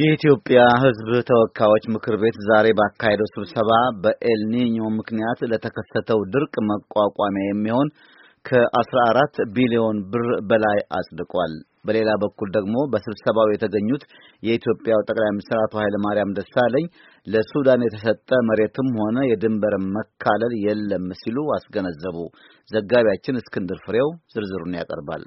የኢትዮጵያ ሕዝብ ተወካዮች ምክር ቤት ዛሬ ባካሄደው ስብሰባ በኤልኒኞ ምክንያት ለተከሰተው ድርቅ መቋቋሚያ የሚሆን ከ14 ቢሊዮን ብር በላይ አጽድቋል። በሌላ በኩል ደግሞ በስብሰባው የተገኙት የኢትዮጵያው ጠቅላይ ሚኒስትር አቶ ኃይለ ማርያም ደሳለኝ ለሱዳን የተሰጠ መሬትም ሆነ የድንበር መካለል የለም ሲሉ አስገነዘቡ። ዘጋቢያችን እስክንድር ፍሬው ዝርዝሩን ያቀርባል።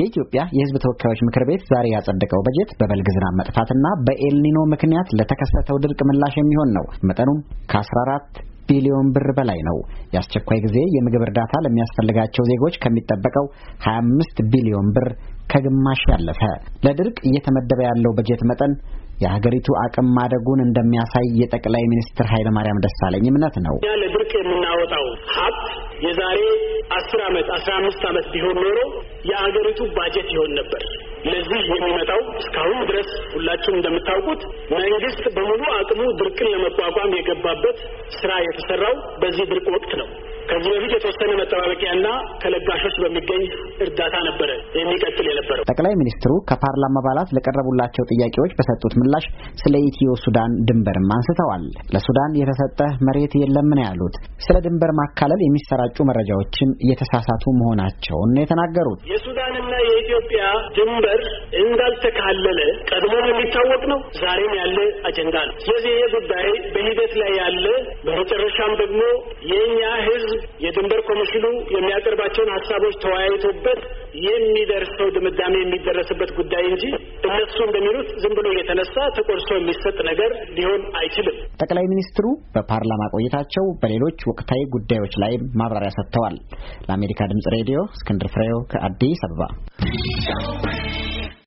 የኢትዮጵያ የሕዝብ ተወካዮች ምክር ቤት ዛሬ ያጸደቀው በጀት በበልግ ዝናብ መጥፋትና በኤልኒኖ ምክንያት ለተከሰተው ድርቅ ምላሽ የሚሆን ነው። መጠኑም ከ14 ቢሊዮን ብር በላይ ነው። የአስቸኳይ ጊዜ የምግብ እርዳታ ለሚያስፈልጋቸው ዜጎች ከሚጠበቀው 25 ቢሊዮን ብር ከግማሽ ያለፈ ለድርቅ እየተመደበ ያለው በጀት መጠን የሀገሪቱ አቅም ማደጉን እንደሚያሳይ የጠቅላይ ሚኒስትር ኃይለማርያም ደሳለኝ እምነት ነው። እኛ ለድርቅ የምናወጣው ሀብት የዛሬ አስር ዓመት አስራ አምስት ዓመት ቢሆን ኖሮ የሀገሪቱ ባጀት ይሆን ነበር። ለዚህ የሚመጣው እስካሁን ድረስ ሁላችሁም እንደምታውቁት መንግስት በሙሉ አቅሙ ድርቅን ለመቋቋም የገባበት ስራ የተሰራው በዚህ ድርቅ ወቅት ነው። ከዚህ በፊት የተወሰነ መጠባበቂያና ከለጋሾች በሚገኝ እርዳታ ነበረ የሚቀጥል የነበረው። ጠቅላይ ሚኒስትሩ ከፓርላማ አባላት ለቀረቡላቸው ጥያቄዎች በሰጡት ምላሽ ስለ ኢትዮ ሱዳን ድንበርም አንስተዋል። ለሱዳን የተሰጠ መሬት የለም ነው ያሉት። ስለ ድንበር ማካለል የሚሰራጩ መረጃዎችም እየተሳሳቱ መሆናቸውን የተናገሩት። የሱዳንና የኢትዮጵያ ድንበር እንዳልተካለለ ቀድሞም የሚታወቅ ነው፣ ዛሬም ያለ አጀንዳ ነው። ስለዚህ ይህ ጉዳይ በሂደት ላይ ያለ በመጨረሻም ደግሞ የእኛ ህዝብ የድንበር ኮሚሽኑ የሚያቀርባቸውን ሀሳቦች ተወያይቶበት የሚደርሰው ድምዳሜ የሚደረስበት ጉዳይ እንጂ እነሱ እንደሚሉት ዝም ብሎ የተነሳ ተቆርሶ የሚሰጥ ነገር ሊሆን አይችልም። ጠቅላይ ሚኒስትሩ በፓርላማ ቆይታቸው በሌሎች ወቅታዊ ጉዳዮች ላይ ማብራሪያ ሰጥተዋል። ለአሜሪካ ድምጽ ሬዲዮ እስክንድር ፍሬው ከአዲስ አበባ